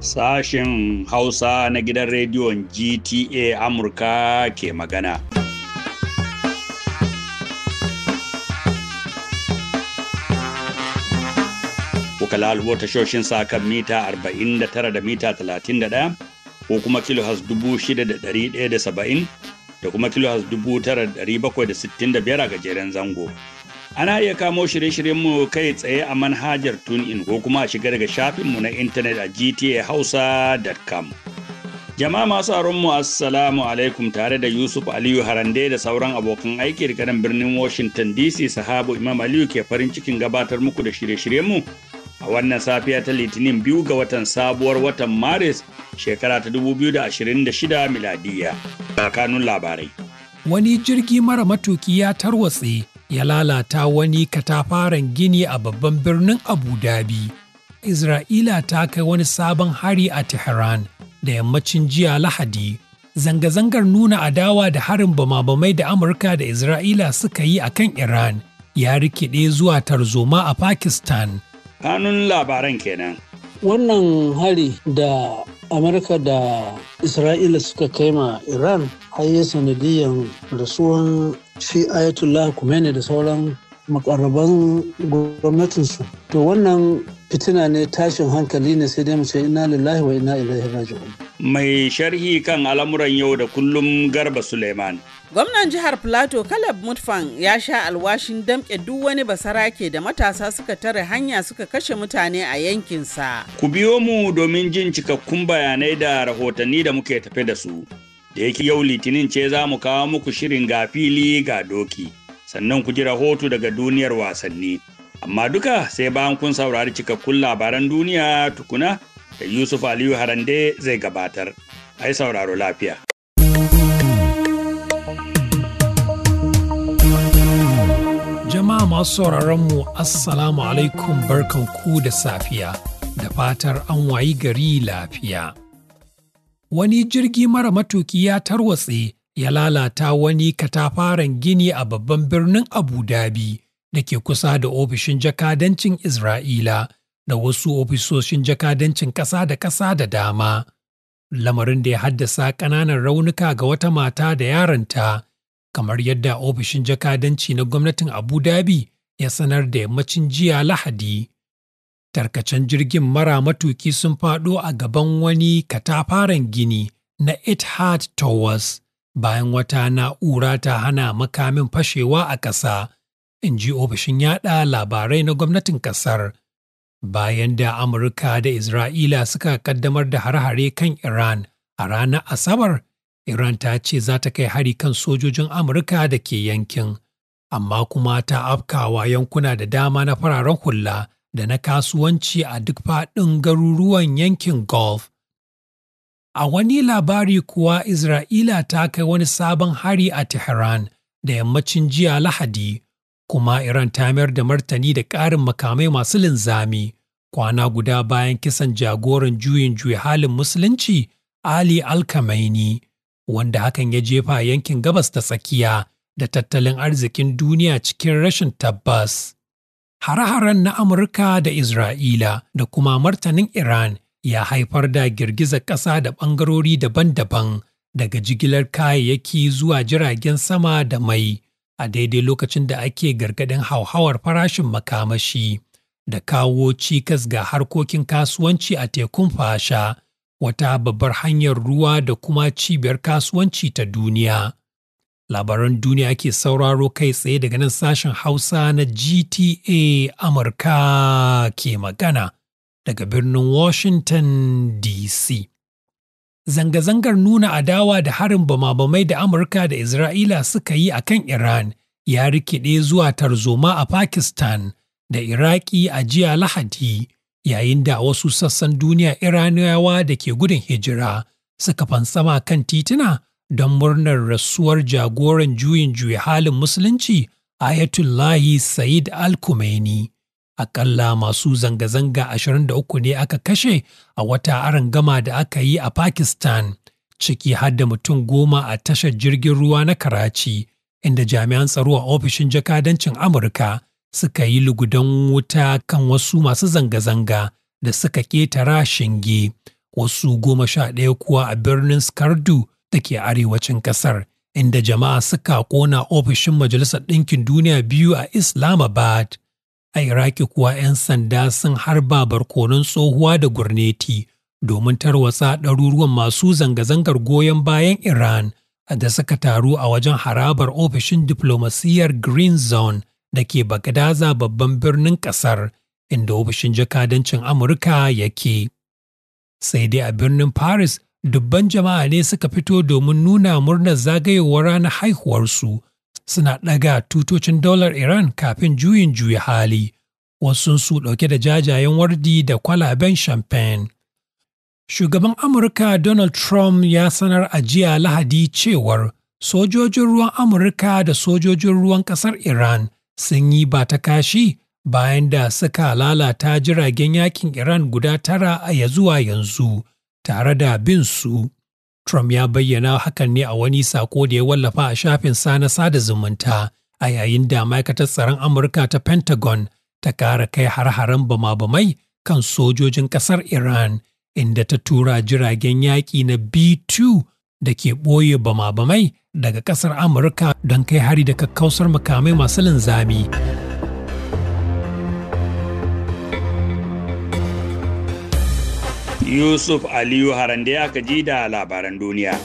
Sashen Hausa na gidan rediyon GTA Amurka ke magana. Kuka lalubo tashoshin sa kan mita 49 da mita 31 ko kuma kilohas 6,170 da kuma kilohas 9,765 a gajeren zango. Ana iya kamo shirye-shiryenmu kai tsaye a manhajar TuneIn ko kuma a shiga daga shafinmu na intanet a gtahausa.com. Jama'a masu mu Assalamu alaikum tare da Yusuf Aliyu Harande da sauran abokan aiki da nan birnin Washington DC sahabu Imam Aliyu ke farin cikin gabatar muku da shirye-shiryenmu a wannan safiya ta Litinin biyu ga watan sabuwar watan Maris shekara ta 2026 miladiya. kanun labarai. Wani jirgi mara matuki ya tarwatse ya lalata wani katafaren gini a babban birnin Abu Dhabi. Isra'ila ta kai wani sabon hari a Tehran da yammacin jiya Lahadi. Zanga-zangar nuna adawa da harin bama-bamai da Amurka da Isra'ila suka yi a kan Iran ya rikide zuwa tarzoma a Pakistan. Kanun labaran kenan. Wannan hari da Amurka da Isra'ila suka kai ma Iran har ya sanadiyan rasuwan shi ayatullah kumene da sauran makwarraban gwamnatinsu to wannan fitina ne tashin hankali ne sai dai mu ce ina lillahi wa ina ilaihi raji'un mai sharhi kan al'amuran yau da kullum garba suleiman gwamnan jihar plateau caleb mutfan ya sha alwashin damke duk wani basarake da matasa suka tare hanya suka kashe mutane a yankinsa ku biyo mu domin jin cikakkun bayanai da rahotanni da muke tafe da su da yake yau litinin ce za mu kawo muku shirin ga fili ga doki sannan ku ji rahoto daga duniyar wasanni amma duka sai bayan kun saurari cikakkun labaran duniya tukuna da yusuf aliyu harande zai gabatar ai sauraro lafiya jama'a masu sauraron mu assalamu alaikum barkan ku da safiya da fatar an wayi gari lafiya wani jirgi mara matuki ya tarwatse ya lalata wani katafaren gini a babban birnin Abu Dhabi da ke kusa da ofishin jakadancin Isra'ila da wasu ofisoshin jakadancin ƙasa da ƙasa da dama. Lamarin da ya haddasa ƙananan raunuka ga wata mata da yaranta, kamar yadda ofishin jakadanci na gwamnatin Abu Dhabi ya sanar da yammacin jiya Lahadi. tarkacen jirgin mara matuki sun fado a gaban wani katafaren gini na Etihad Towers bayan wata na'ura ta hana makamin fashewa a ƙasa, in ji ofishin yada labarai na gwamnatin ƙasar. Bayan da Amurka da Isra'ila suka kaddamar da har-hare kan Iran a ranar Asabar, Iran ta ce za ta kai hari kan sojojin Amurka da ke yankin, amma kuma ta afkawa yankuna da dama na fararen hula. da na kasuwanci a duk faɗin garuruwan yankin golf. A wani labari kuwa Isra'ila ta kai wani sabon hari a Tehran da yammacin jiya Lahadi, kuma Iran ta mayar da martani da ƙarin makamai masu linzami kwana guda bayan kisan jagoran juyin juya halin Musulunci Ali Alkamaini, wanda hakan ya jefa yankin gabas da tsakiya da tattalin arzikin duniya cikin rashin tabbas. Hare-haren na Amurka da Isra'ila da kuma martanin Iran ya haifar da girgizar ƙasa da ɓangarori daban-daban daga jigilar kayayyaki zuwa jiragen sama da mai a daidai lokacin da ake gargaɗin hauhawar farashin makamashi da kawo cikas ga harkokin kasuwanci a tekun fasha wata babbar hanyar ruwa da kuma cibiyar kasuwanci ta duniya. Labaran duniya ke sauraro kai tsaye daga nan sashen Hausa na GTA Amurka ke magana daga birnin Washington DC. Zanga-zangar nuna adawa da harin bama-bamai da Amurka da Isra'ila suka yi a kan Iran ya rikide zuwa tarzoma a Pakistan da Iraki a jiya Lahadi, yayin da wasu sassan duniya Iraniyawa da ke gudun hijira suka fansama kan tituna don murnar rasuwar jagoran juyin juya halin musulunci Ayatullahi Said Al-Kumaini. Akalla masu zanga-zanga ashirin da uku ne aka kashe a wata gama da aka yi a Pakistan, ciki har da mutum goma a tashar jirgin ruwa na Karachi, inda jami'an tsaro a ofishin jakadancin Amurka suka yi lugudan wuta kan wasu masu zanga-zanga da suka ƙetara shinge, wasu goma sha ɗaya kuwa a birnin Skardu da ke arewacin Kasar, inda jama'a suka kona ofishin Majalisar Ɗinkin Duniya biyu a Islamabad. A Iraki kuwa 'yan sanda sun harba barkonon tsohuwa da gurneti domin tarwatsa ɗaruruwan masu zanga-zangar goyon bayan Iran da suka taru a wajen harabar ofishin diplomasiyyar Green Zone da ke Bagdaza babban birnin Kasar, inda ofishin jakadancin Amurka yake. Sai dai a birnin Paris dubban jama'a ne suka fito domin nuna murnar zagayowar ranar haihuwarsu suna ɗaga tutocin daular Iran kafin juyin juya hali, wasu su ɗauke da jajayen wardi da kwalaben champagne. Shugaban Amurka Donald Trump ya sanar a jiya Lahadi cewar sojojin ruwan Amurka da sojojin ruwan ƙasar Iran sun yi ba ta kashi bayan da suka lalata jiragen yakin Iran guda tara a ya zuwa yanzu. tare da bin su. Trump ya bayyana hakan ne a wani sako da ya wallafa a shafin sa na sada zumunta a yayin da ma'aikatar tsaron Amurka ta Pentagon ta kara kai har-haren bama-bamai kan sojojin ƙasar Iran inda ta tura jiragen yaƙi na B-2 da ke ɓoye bama-bamai daga ƙasar Amurka don kai hari da kakkausar makamai masu linzami. Yusuf Aliyu Harande aka kaji da labaran duniya.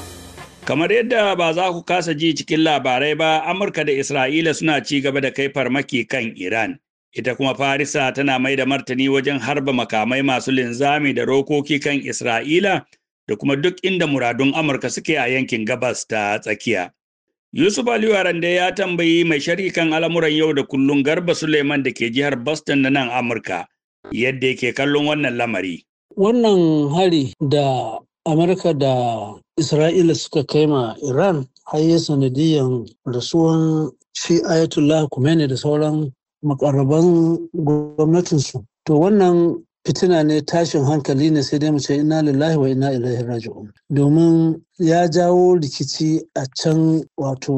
Kamar yadda ba za ku kasa ji cikin labarai ba, Amurka da Isra'ila suna ci gaba da kai farmaki kan Iran. Ita kuma Farisa tana mai da martani wajen harba makamai masu linzami da rokoki kan Isra'ila da kuma duk inda muradun Amurka suke a yankin gabas ta tsakiya. Yusuf Aliyu Harande ya tambayi mai sharhi al'amuran yau da kullum Garba Suleiman da ke jihar Boston da nan Amurka, yadda yake kallon wannan lamari. Wannan hari da Amurka da Isra'ila suka kai ma Iran har yi sanadiyyar rasuwan shi Ayatollah kumene da sauran makarraban gwamnatinsu. To wannan fitina ne tashin hankali ne sai dai mu ce ina lillahi wa ina ilahi raji'un domin ya jawo rikici a can wato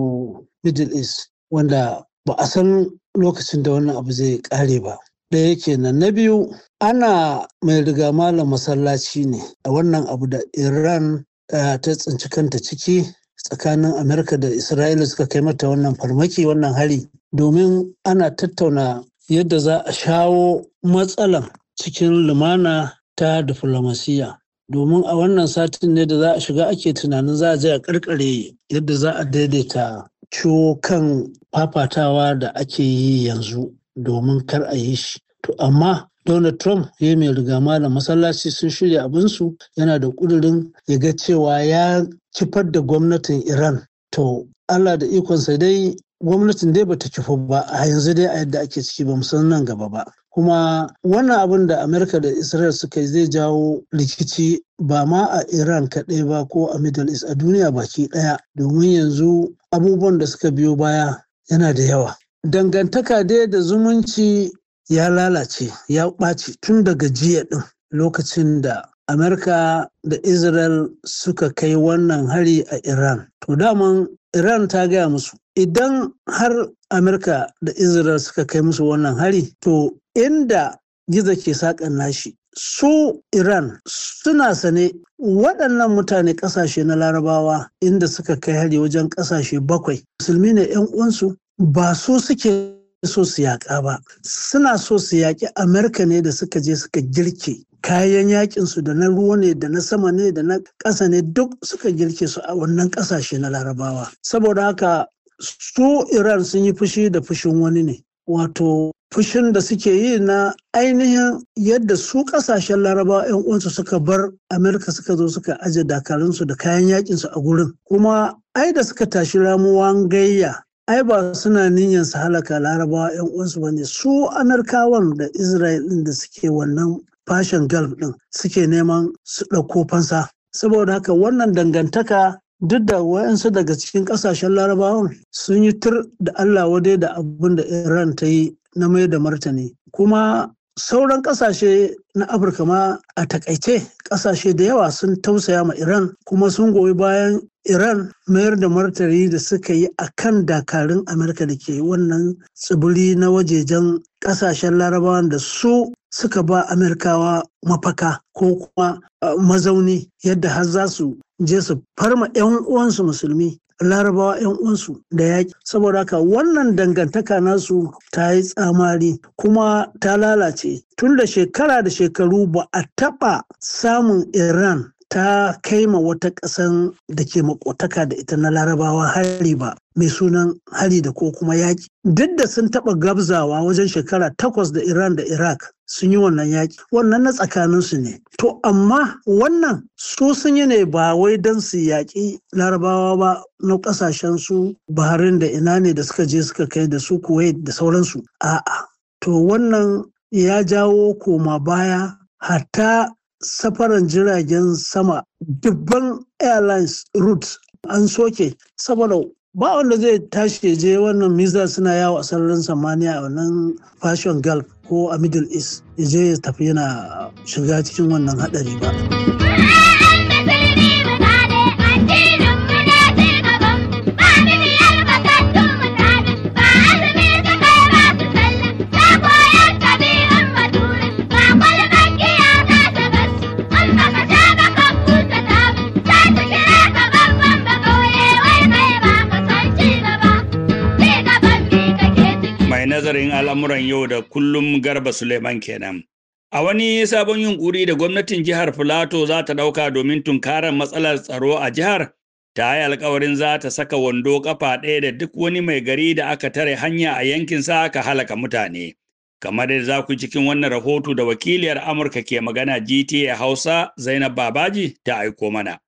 middle east wanda ba a san lokacin da wannan abu zai kare ba ɗaya kenan na biyu ana mai riga malam masallaci ne a wannan abu da iran eh, ta tsinci kanta ciki tsakanin amurka da isra'ila suka kai mata wannan farmaki wannan hari domin ana tattauna yadda za a shawo matsalan cikin lumana ta diflomasiya domin a wannan satin ne da za a shiga ake tunanin za a je a karkare yadda za a daidaita ciwo kan fafatawa da ake yi yanzu domin kar a yi shi to amma Donald Trump ya mai riga malam masallaci sun shirya abinsu yana da ƙudurin ya ga cewa ya kifar da gwamnatin Iran. To, Allah da ikonsa dai gwamnatin dai bata kifa ba a yanzu dai a yadda ake ciki ba san nan gaba ba. Kuma wannan abin da Amerika da Israel suka yi zai jawo rikici ba ma a Iran kaɗai ba ko a Middle East a duniya baki ɗaya domin yanzu abubuwan da suka biyo baya yana da yawa. dangantaka dai da zumunci ya lalace ya ɓaci tun daga jiya ɗin lokacin da Amerika da Israel suka kai wannan hari a Iran. To daman Iran ta gaya musu, idan har Amerika da Israel suka kai musu wannan hari, to inda gizo ke saƙan nashi. Su Iran suna sane waɗannan mutane ƙasashe na larabawa inda suka kai hari wajen ƙasashe bakwai. Musulmi ne 'yan uwansu, ba su suke so su yaƙa ba suna so su yaƙi amurka ne da suka je suka girke kayan yaƙinsu da na ruwa ne da na sama ne da na ƙasa ne duk suka girke su a wannan ƙasashe na larabawa saboda haka su iran sun yi fushi da fushin wani ne wato fushin da suke yi na ainihin yadda su ƙasashen larabawa 'yan uwansu suka bar amurka suka zo suka aje dakarunsu da kayan yaƙinsu a gurin kuma ai da suka tashi ramuwan gayya ai ba suna niyyar su halaka larabawa yan uwansu ba ne su anarkawan da israel din da suke wannan fashin gulf din suke neman su ɗauko fansa saboda haka wannan dangantaka duk da wayansu daga cikin ƙasashen larabawan sun yi tur da allah wadai da abin da iran ta yi na mai da martani kuma sauran ƙasashe na afirka ma a takaice ƙasashe da yawa sun tausaya ma iran kuma sun goyi bayan Iran mayar da martari da suka yi a kan dakarun Amurka da ke wannan tsibiri na wajejen ƙasashen larabawan da su suka ba Amurkawa mafaka ko kuma mazauni yadda har za su je su farma 'yan uwansu musulmi larabawa 'yan uwansu da yaƙi saboda haka wannan dangantaka nasu ta yi tsamari kuma ta lalace tun da shekara da shekaru ba a taɓa samun iran ta kaima wata ƙasan da ke makotaka da ita na larabawa hari ba mai sunan hari da ko kuma yaƙi duk da sun taɓa gabzawa wajen shekara takwas da iran da iraq sun yi wannan yaƙi wannan na tsakaninsu ne to amma wannan su sun yi ne ba wai don su yaƙi larabawa ba na ƙasashen su baharin da ina ne da suka je suka kai da su kuwait da sauransu a'a to wannan ya jawo koma baya hatta safaran jiragen sama dubban airlines route an soke saboda ba wanda zai tashi je wannan miza suna yawo a sararin samaniya a wannan fashion gulf ko a middle east ya je ya tafi yana shiga cikin wannan hadari ba. nazarin al'amuran yau da kullum Garba Suleiman kenan. A wani sabon yunkuri da gwamnatin jihar Filato za ta ɗauka domin tunkarar matsalar tsaro a jihar, ta yi alkawarin za ta saka wando kafa ɗaya da duk wani mai gari da aka tare hanya a yankin sa aka halaka mutane. Kamar da za ku cikin wannan rahoto da wakiliyar Amurka ke magana GTA Hausa Zainab Babaji ta aiko mana.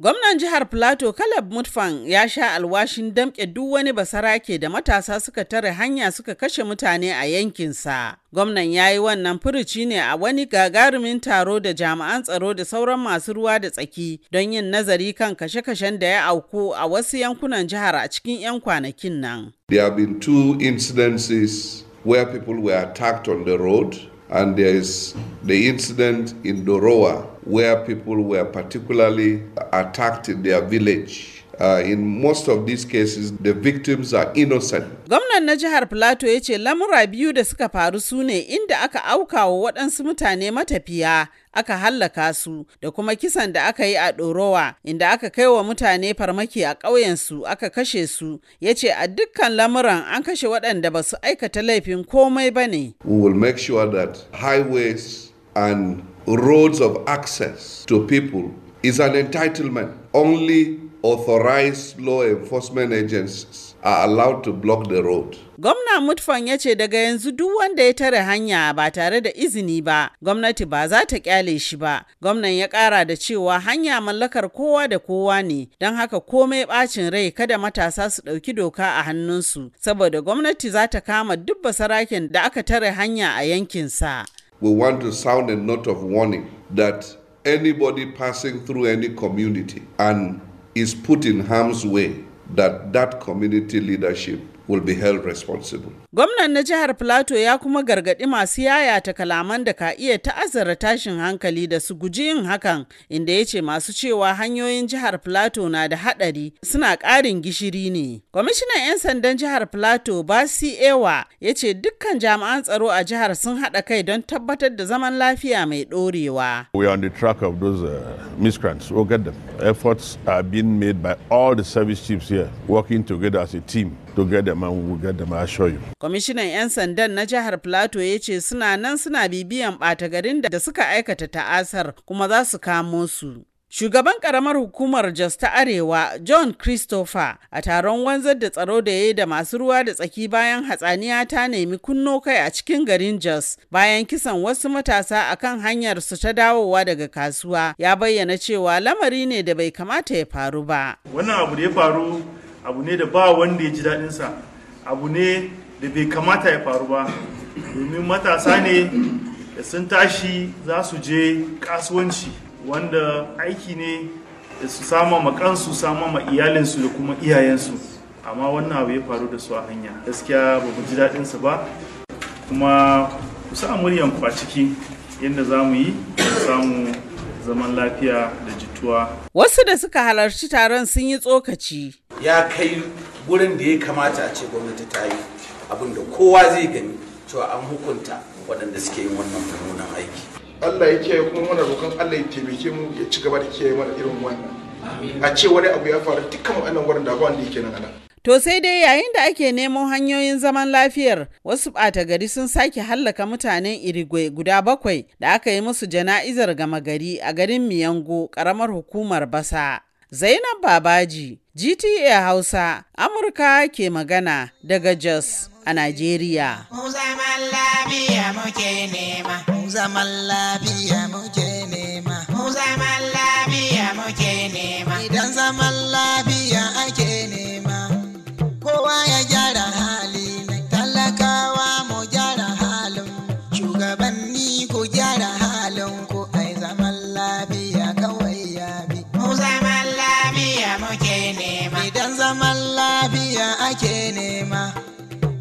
Gwamnan jihar Plateau Caleb Mutfan ya sha alwashin damƙe duk wani basarake da matasa suka tare hanya suka kashe mutane a yankinsa. Gwamnan ya yi wannan furuci ne a wani gagarumin taro da jami'an tsaro da sauran masu ruwa da tsaki don yin nazari kan kashe-kashen da ya auku a wasu yankunan jihar a cikin 'yan kwanakin nan. There have been two incidences where people were attacked on the road. And there is the incident in Doroa where people were particularly attacked in their village Uh, in most of these cases, the victims are innocent. Gwamnan na jihar Plateau ya ce lamura biyu da suka faru su ne inda aka auka wa waɗansu mutane matafiya aka hallaka su da kuma kisan da aka yi a ɗorowa inda aka kai wa mutane farmaki a ƙauyensu aka kashe su ya ce a dukkan lamuran an kashe waɗanda ba su aikata laifin komai ba ne. We will make sure that highways and roads of access to people is an entitlement only authorized law enforcement agencies are allowed to block the road. Gwamna Mutfan ya ce daga yanzu duk wanda ya tare hanya ba tare da izini ba, gwamnati ba za ta kyale shi ba. Gwamnan ya kara da cewa hanya mallakar kowa da kowa ne, don haka komai bacin rai kada matasa su ɗauki doka a hannunsu, saboda gwamnati za ta kama duk basaraken da aka tare hanya a yankinsa. We want to sound a note of warning that anybody passing through any community and is put in harm's way that that community leadership will be held responsible. Gwamnan na jihar Plateau ya kuma gargaɗi masu yayata kalaman da ka iya ta'azzara tashin hankali da su guji yin hakan inda ya ce masu cewa hanyoyin jihar Plateau na da haɗari suna ƙarin gishiri ne. Kwamishinan 'yan sandan jihar Plateau Basi Ewa ya ce dukkan jami'an tsaro a jihar sun haɗa kai don tabbatar da zaman lafiya mai ɗorewa. We are on the track of those uh, miscreants. We'll get them. Efforts are being made by all the service chiefs here working together as a team. to man, we get Kwamishinan 'yan sandan na jihar Plateau ya ce suna nan suna bibiyan ɓata garin da suka aikata ta'asar kuma za su kamo su. Shugaban karamar hukumar Jos ta Arewa, John Christopher, a taron wanzar da tsaro da ya yi da masu ruwa da tsaki bayan hatsaniya ta nemi kunno kai a cikin garin Jos bayan kisan wasu matasa a kan hanyar su ta dawowa daga kasuwa, ya bayyana cewa lamari ne da bai kamata ya faru ba. Wannan abu da ya faru abu ne da ba wanda ya ji daɗinsa abu ne da bai kamata ya faru ba domin matasa ne da sun tashi za su je kasuwanci wanda aiki ne da su sama ma kansu sama ma iyalinsu da kuma iyayensu amma wannan abu ya faru da su a hanya gaskiya ba mu ji daɗinsa ba kuma ku sa ku a ciki yadda za mu yi samu zaman lafiya da jituwa wasu da suka halarci taron sun yi tsokaci ya kai gurin da ya kamata a ce gwamnati ta yi abin da kowa zai gani cewa an hukunta waɗanda suke yin wannan mummunan aiki Allah ya kiyaye kuma muna roƙon Allah ya taimake mu ya ci gaba da kiyaye mana irin wannan a ce wani abu ya faru dukkan wannan gurin da ba wanda yake nan anan To sai dai yayin da ake nemo hanyoyin zaman lafiyar wasu ɓata gari sun sake hallaka mutanen Irigwe guda bakwai da aka yi musu jana'izar gama gari a garin Miyango ƙaramar hukumar Basa. Zainab Babaji, GTA Hausa, Amurka ke magana daga Jos a Najeriya. Mu zaman lafiya muke nema. Mu zaman lafiya muke nema. Mu zaman lafiya muke nema. Idan zaman lafiya ake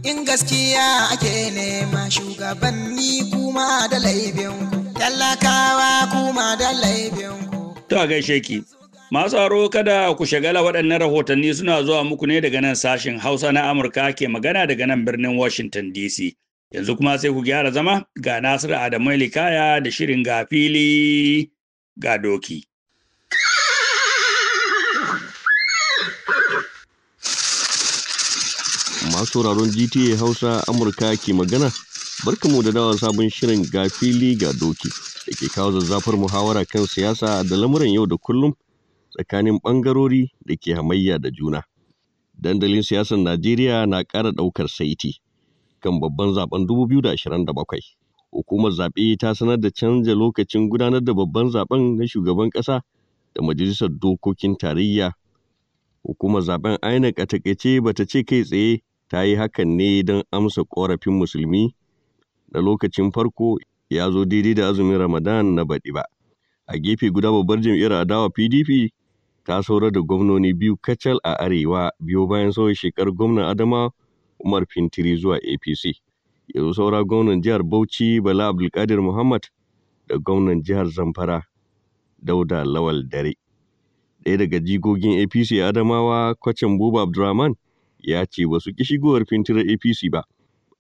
in gaskiya ake nema shugabanni kuma da ku, tallakawa kuma da laifinku to gaishe ki Masu aro kada ku shagala waɗannan rahotanni suna zuwa muku ne daga nan sashen Hausa na Amurka ke magana daga nan birnin Washington DC. Yanzu kuma sai ku gyara zama ga Nasiru Adamu Likaya da shirin gafili ga doki. masu sauraron GTA Hausa Amurka ke magana. Barkamu da dawa sabon shirin ga fili ga doki da ke kawo zazzafar muhawara kan siyasa da lamuran yau da kullum tsakanin ɓangarori da ke hamayya da juna. Dandalin siyasar Najeriya na ƙara ɗaukar saiti kan babban zaben 2027. Hukumar zaɓe ta sanar da canza lokacin gudanar da babban zaben na shugaban ƙasa da majalisar dokokin tarayya hukumar zaben INEC a takaice bata ce kai tsaye ta yi hakan ne don amsa ƙorafin musulmi da lokacin farko ya zo daidai da azumin Ramadan na baɗi ba. A gefe guda babbar jam'iyyar adawa PDP ta saurar da gwamnoni biyu kacal a arewa biyu bayan sauyin shekar gwamnan Adama Umar Fintiri zuwa APC. Yanzu saura gwamnan jihar Bauchi Bala Abdulkadir Muhammad da gwamnan jihar Zamfara Dauda Lawal Dare. Ɗaya daga jigogin APC Adamawa Kwacin Buba Abdulrahman ya ce ba su ki shigowar fintirar APC ba,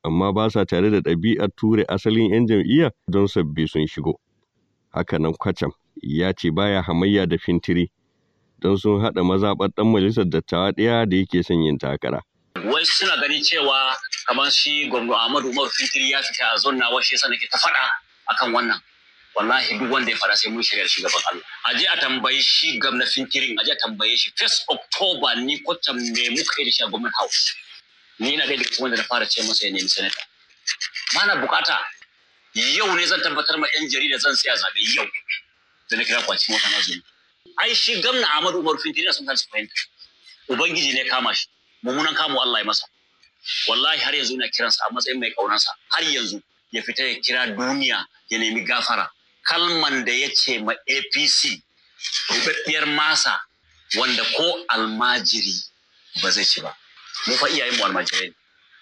amma ba sa tare da ɗabi'ar ture asalin 'yan jam'iyyar don sabbi sun shigo. Hakanan kwacam ya ce baya hamayya da fintiri don sun haɗa mazaɓar ɗan majalisar dattawa ɗaya da yake son yin takara. Wai suna ganin cewa kamar shi gwamna Ahmadu Umar Fintiri ya fita a zonna washe yasa ta faɗa akan wannan. wallahi duk wanda ya fara sai mun shirya shi gaban Allah a je a tambayi shi gwamna finkirin a je a tambaye shi first october ni kwatam me muka yi da shi a government house ni ina da wanda na fara ce masa ya nemi sanata mana bukata yau ne zan tabbatar ma yan jarida zan siya zabe yau da na kira kwaci mota na zuwa ai shi gwamna Ahmadu Umar finkirin sun san fahimta ubangiji ne kama shi mummunan kama Allah ya masa wallahi har yanzu ina kiransa a matsayin mai kaunansa har yanzu ya fita ya kira duniya ya nemi gafara kalman da ya ce ma apc rubabbiyar masa wanda ko almajiri ba zai ci ba mu fa iyayen almajirai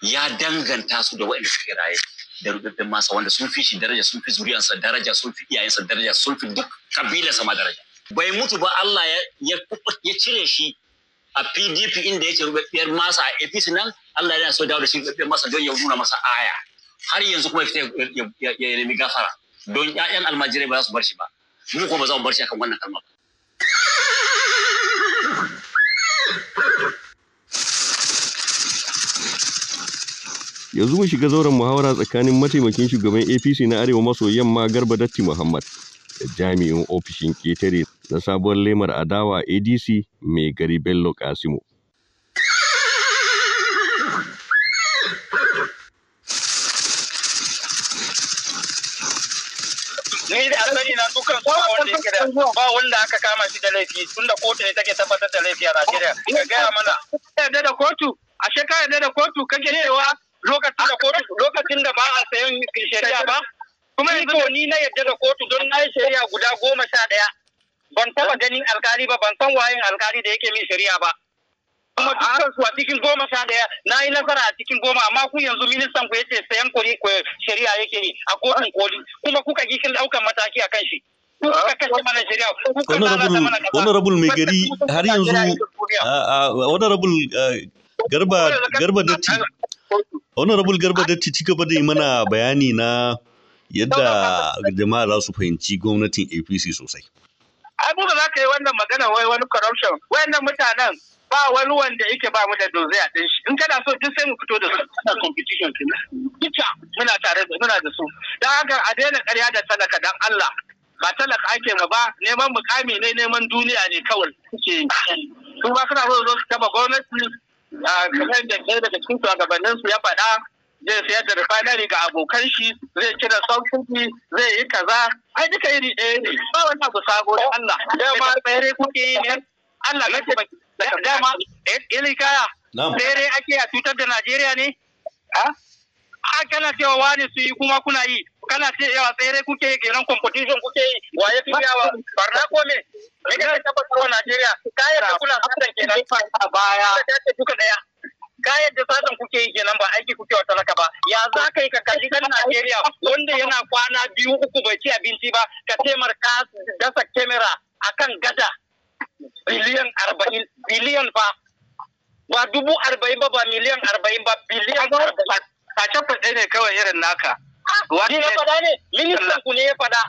ya danganta su da waɗanda suke raye da rubabbiyar masa wanda sun fi shi daraja sun fi zuriyarsa daraja sun fi iyayensa daraja sun fi duk kabilarsa ma daraja bai mutu ba Allah ya cire shi a PDP inda ya ce rubabbiyar masa a APC nan Allah yana so dawo da shi rubabbiyar masa don ya nuna masa aya har yanzu kuma ya nemi gafara don ƴaƴan almajirai ba za su bar shi ba mu ko ba za mu bar shi akan wannan kalma ba yanzu mu shiga zauren muhawara tsakanin mataimakin shugaban apc na arewa maso yamma garba datti muhammad da jami'in ofishin ketare na sabuwar lemar adawa adc mai gari bello kasimo dukkan su ba wanda yake da ba wanda aka kama shi da laifi tunda kotu ne take tabbatar da laifi a Najeriya ka gaya mana yadda da kotu a ka yadda da kotu kake cewa lokacin da kotu lokacin da ba a sayan shari'a ba kuma yanzu ni na yadda da kotu don na yi shari'a guda goma sha daya ban taba ganin alkali ba ban san wayin alkali da yake min shari'a ba kuma dukkan a cikin goma sha daya na yi nasara a cikin goma amma ku yanzu ministan ku yace sayan kuri shari'a yake yi a kotun koli kuma kuka ki kin daukan mataki a kan shi ah. rabul mai gari har yanzu honorable rabul eh, garba datti honorable garba datti ci gaba da yi mana bayani na yadda jama'a za su fahimci gwamnatin apc sosai abubuwa za ka yi wannan magana wai wani corruption wayannan mutanen ba wani wanda yake ba mu da doze a ɗin shi in kana so duk sai mu fito da su ana competition kenan duka muna tare da muna da su dan haka a daina ƙarya da talaka dan Allah ba talaka ake ma ba neman mukami ne neman duniya ne kawai suke su ba suna so zo su taba gwamnati a kamar da kai daga cikin shugabannin su ya faɗa zai sayar da refinery ga abokan shi zai kira sauƙi zai yi kaza ai duka iri ɗaya ne ba wani abu sabo da Allah da ma tsere kuke yi ne Allah na taimaki dama eh, ilin kaya dai ake a cutar da Najeriya ne a ah? kana cewa wani su yi kuma kuna yi kana yawa tsere kuke yi kenan competition kuke yi waye fi yawa barna ko me me kake tabbatar wa Najeriya kayan da kuna fatan kenan a baya duka daya kayan da satan kuke yi kenan ba aiki kuke wa talaka ba ya za ka yi ka kalli kan Najeriya wanda yana kwana biyu uku bai ci abinci ba ka taimar ka dasa kamera akan gada biliyan arba'in biliyan ba ba dubu arba'in ba ba miliyan arba'in ba biliyan ba ta cafa ne kawai irin naka wani na faɗa ne ministan ku ne ya faɗa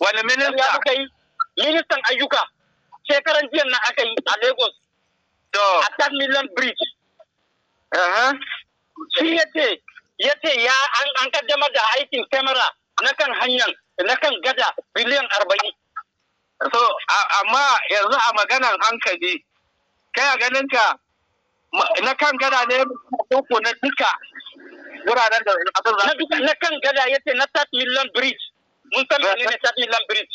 wani ministan aka yi ministan ayyuka shekaran jiya na aka yi a lagos a ta miliyan bridge shi ya ce ya ce ya an kaddamar da aikin kamera na kan hanyar na kan gada biliyan arba'in so amma yanzu a maganan hankali kai a ganin ka na kan gada ne ko na duka wuraren da abin na duka na kan gada ya ce na South Million Bridge mun san ne na South Million Bridge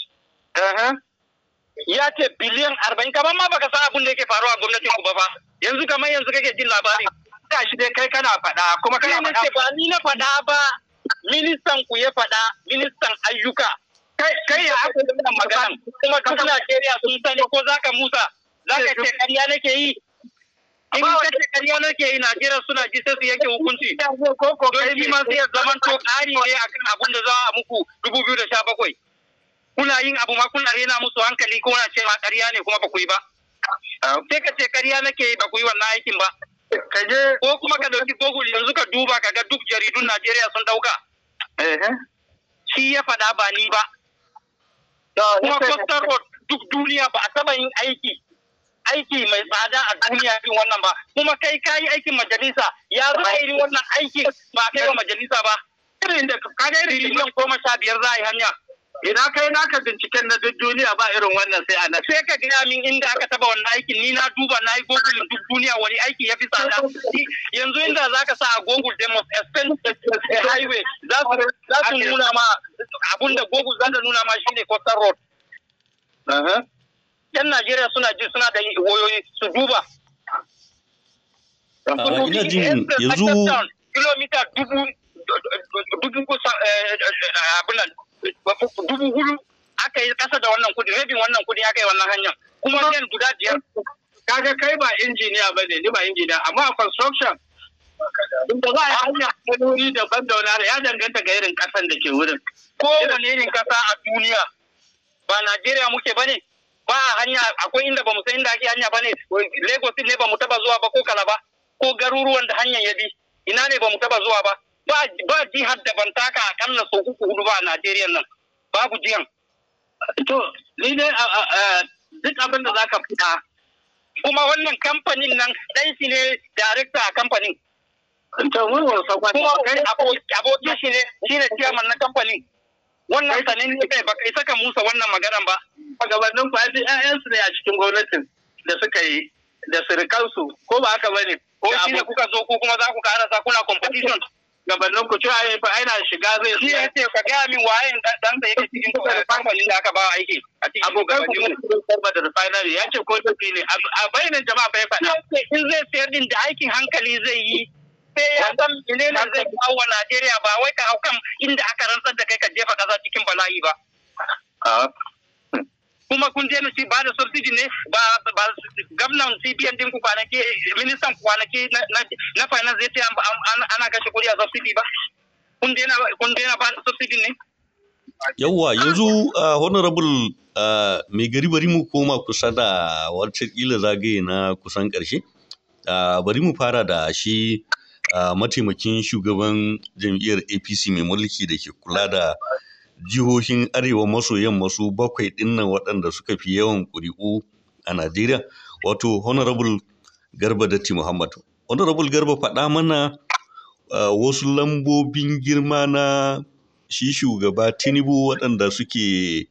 ya ce biliyan arba'in kamar ma baka san abin da yake faruwa gwamnatin ku ba fa yanzu kamar yanzu kake jin labari ka shi dai kai kana faɗa kuma kana faɗa ba ni na faɗa ba ministan ku ya faɗa ministan ayyuka kai ya aka yi wannan magana kuma kasan Najeriya sun sani ko zaka musa zaka ce ƙarya nake yi in ka ce ƙarya nake yi Najeriya suna ji sai su yanke hukunci don shi ma sai zaman to ƙari ne akan abin da za a muku dubu biyu da sha bakwai kuna yin abu ma kuna rena musu hankali ko na ce ma ƙarya ne kuma ba ku yi ba sai ka ce ƙarya nake yi ba ku yi wannan aikin ba ko kuma ka dauki google yanzu ka duba ka ga duk jaridun Najeriya sun dauka shi ya faɗa ba ni ba Kuma Road duk duniya ba a taba yin aiki aiki mai tsada a duniya irin wannan ba. Kuma kai kayi aikin majalisa ya zo irin wannan aikin ba kai ba majalisa ba. Irin da kaga irin miliyan goma sha biyar za a yi hanya. Ina kai naka binciken na duk duniya ba irin wannan sai ana sai ka gaya min inda aka taba wannan aikin ni na duba na yi google duk duniya wani aiki ya fi tsada yanzu inda za ka sa a google the most expensive highway za su nuna ma abinda google za ta nuna ma ne coastal road. Uh-huh. Yan Najeriya suna ji suna da wayoyi su duba. Uh-huh. Ina jin yanzu kilomita dubu dubu eh, eh, eh, abin dubu hudu aka yi kasa da wannan kudi rabin wannan kudi aka yi wannan hanyar kuma yan guda biyar kaga kai ba injiniya ba ne ni ba injiniya amma a construction da za a yi hanya wuri daban da wani ya danganta ga irin kasan da ke wurin Ko wani irin kasa a duniya ba najeriya muke ba ne ba a hanya akwai inda ba mu san inda ake hanya ba ne lagos ne ba mu taba zuwa ba ko kalaba ko garuruwan da hanyar ya bi ina ne ba mu taba zuwa ba ba jihar da ban taka kan so uku hudu ba a Najeriya nan babu jiyan. To ni dai duk abin da ka fita kuma wannan kamfanin nan ɗan shi ne darekta a kamfanin. Kuma abokin shi ne shi ne ciyaman na kamfanin. Wannan sanin ne kai baka isa ka musa wannan magana ba. Magabannin kwaji 'ya'yansu ne a cikin gwamnatin da suka yi da sirikansu ko ba haka ne. Ko shi ne kuka zo ko kuma za ku karasa kuna competition. gabanin ku cewa ya fa aina shiga zai shi ya ce ka gaya min waye dan da yake cikin kusa eh, kamfanin da aka ba aiki a cikin abokan ku kuma da refinery ya ce ko da ne a bayanan jama'a bai faɗa in zai sayar din da aikin hankali zai yi sai ya san menene zai kawo wa Najeriya ba wai ka hau kan inda aka rantsar da kai ka jefa kasa cikin bala'i ba ah. kuma kun je ni ba da subsidy ne ba ba gwamnan CBN din ku kwanaki ministan ku kwanaki na finance zai ce ana kashe kuri a subsidy ba kun je na kun je na ba da subsidy ne yawwa yanzu ah, honorable ah, mai gari bari mu koma kusa da wancan kila zagaye na kusan ƙarshe ah, bari mu fara da shi mataimakin shugaban jam'iyyar apc mai mulki da ke kula da jihohin arewa maso yamma su bakwai dinnan waɗanda suka fi yawan ƙuri'u a Najeriya wato honorable Garba Datti Muhammad. Honorable Garba faɗa mana ah, wasu lambobin girma na shi shugaba Tinubu waɗanda suke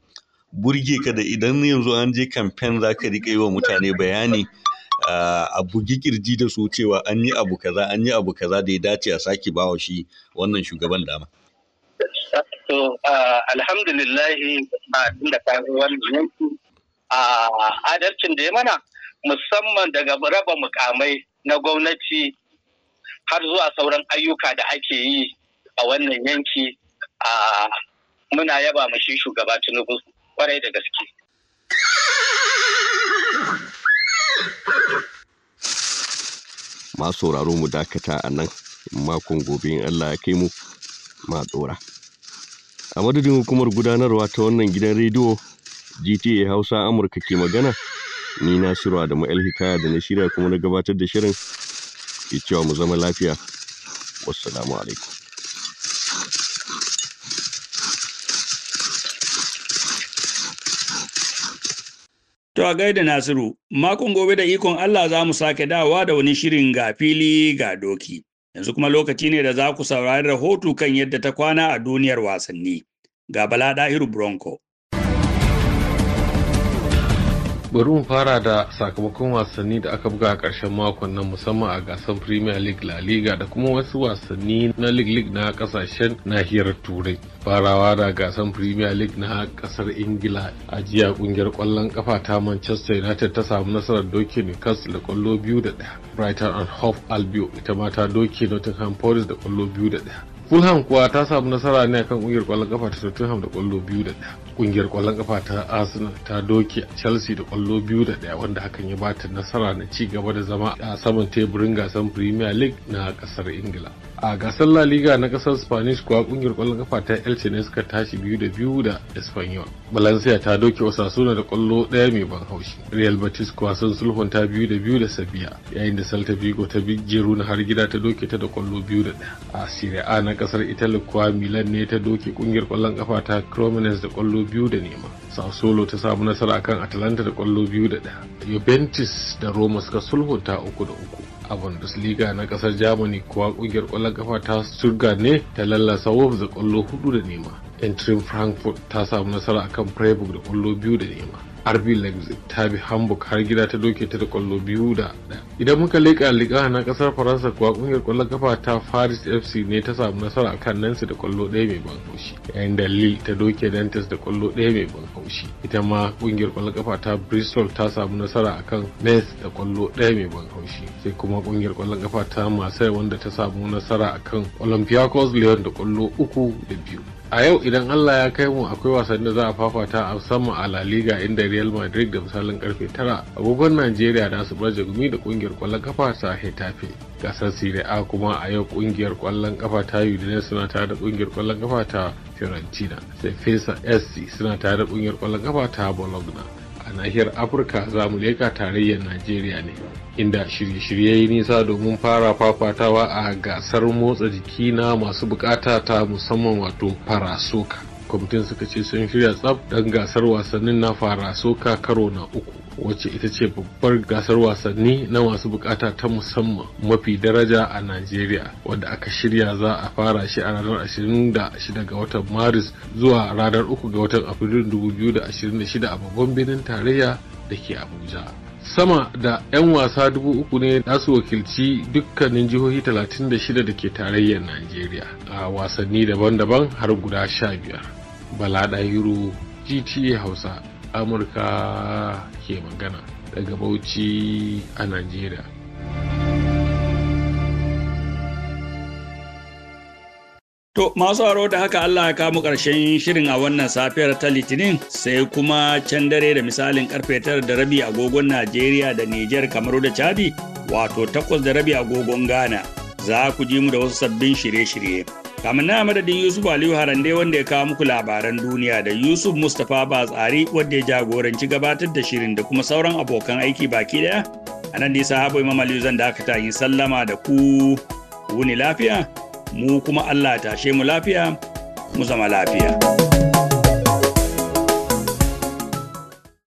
burge ka da idan yanzu an je kamfen za ka riƙa yi wa mutane bayani ah, a bugi kirji da su cewa an yi abu kaza an yi abu kaza da ya dace a sake bawa shi wannan shugaban dama. To, uh, alhamdulillahi ba da wannan yanki a adalcin da ya mana musamman daga raba mukamai na gwamnati har zuwa sauran ayyuka da ake yi a wannan yanki a muna yaba shi shugaba tinubu kwarai da gaske. Masu sauraro mu dakata a nan makon gobe in Allah ya kai mu ma tsora. a madadin hukumar gudanarwa ta wannan gidan rediyo gta hausa amurka ke magana ni Nasiru Adamu da hikaya da na shirya kuma na gabatar da shirin ke cewa mu zama lafiya wassalamu alaikum To a gaida Nasiru, makon gobe da ikon Allah za mu sake dawa da wani shirin ga fili ga doki. Yanzu kuma lokaci ne da za ku saurari rahoto kan yadda ta kwana a duniyar wasanni. Ga Bala Dahiru Bronco bari mu fara da sakamakon wasanni da aka buga a ƙarshen makon nan musamman a gasar premier league la liga da kuma wasu wasanni na league league na kasashen nahiyar turai farawa da gasar premier league na kasar ingila a jiya kungiyar kwallon kafa ta manchester united ta samu nasarar doke newcastle da kwallo biyu da daya brighton and hove albion ita ma ta doke nottingham forest da kwallo biyu da daya fulham kuwa ta samu nasara ne akan kungiyar kwallon kafa ta tottenham da kwallo biyu da daya. kungiyar kwallon kafa ta arsenal ta doke chelsea da kwallo biyu da daya wanda hakan ya bata nasara na ci gaba da zama a saman teburin gasar premier league na kasar ingila a gasar la liga na kasar spanish kuwa kungiyar kwallon kafa ta elche ne suka tashi biyu da biyu da espanyol valencia ta doke osasuna da kwallo daya mai ban haushi real batis kuwa sun sulhunta biyu da biyu da sabiya yayin da salta vigo ta jeru na har gida ta doke ta da kwallo biyu da daya a serie a na kasar italy kuwa milan ne ta doke kungiyar kwallon kafa ta cromines da kwallo biyu da nema sassolo ta samu nasara akan atalanta da kwallo biyu da daya juventus da roma suka sulhunta uku da uku a Bundesliga na kasar Germany kuwa kungiyar kwallon kafa ta Stuttgart ne ta lallasa Wolves da kwallo hudu da nema. Entrim Frankfurt ta samu nasara akan Freiburg da kwallo biyu da nema. rb leipzig ta bi hamburg har gida ta doke ta da kwallo biyu da ɗaya idan muka leƙa liga na ƙasar faransa kuwa ƙungiyar ƙwallon kafa ta paris fc ne ta samu nasara akan nancy da kwallo ɗaya mai ban haushi yayin da lille ta doke dantas da kwallo ɗaya mai ban haushi ita ma ƙungiyar kwallon kafa ta bristol ta samu nasara akan nes da kwallo ɗaya mai ban haushi sai kuma ƙungiyar kwallon kafa ta marseille wanda ta samu nasara akan olympiacos lyon da kwallo uku da biyu a yau idan allah ya kai mu akwai wasan da za a fafata a musamman a la liga inda real madrid da misalin karfe 9 agogon najeriya da su barje gumi da kungiyar kwallon kafa ta hetafe gasar sire a kuma a yau kungiyar kwallon kafa ta udinese suna tare da kungiyar kwallon kafa ta fiorentina sai fesa sc suna tare da kungiyar kwallon kafa ta bologna a nahiyar afirka za mu leka tarayyar najeriya ne inda shirye-shirye yi nisa domin fara fafatawa a gasar motsa jiki na masu bukata ta musamman wato farasoka kwamitin suka ce sun shirya tsaf dan gasar wasannin na fara soka karo na uku wacce ita ce babbar gasar wasanni na masu bukata ta musamman mafi daraja a najeriya wadda aka shirya za a fara shi a ranar 26 ga watan maris zuwa ranar 3 ga watan afrilu 2026 a babban birnin tarayya da ke abuja sama da 'yan wasa dubu uku ne na su wakilci dukkanin jihohi 36 da ke tarayyar najeriya a wasanni daban-daban har guda 15 Bala Ɗahiru GTA Hausa Amurka ke magana daga Bauchi a Najeriya. To masu haro da haka Allah ya kamu ƙarshen shirin a wannan safiyar ta Litinin sai kuma can dare da misalin karfe tara da rabi agogon Najeriya da Nijar Kamaru da Chadi wato takwas da rabi agogon Ghana za ku ji mu da wasu sabbin shirye-shirye. Kamin na madadin Yusuf Aliyu Harande wanda ya kawo muku labaran duniya da Yusuf Mustapha Batsari wanda ya jagoranci gabatar da shirin da kuma sauran abokan aiki baki daya. A nan nisa habu Imam Aliyu zan dakata yi sallama da ku wuni lafiya, mu kuma Allah tashe mu lafiya, mu zama lafiya.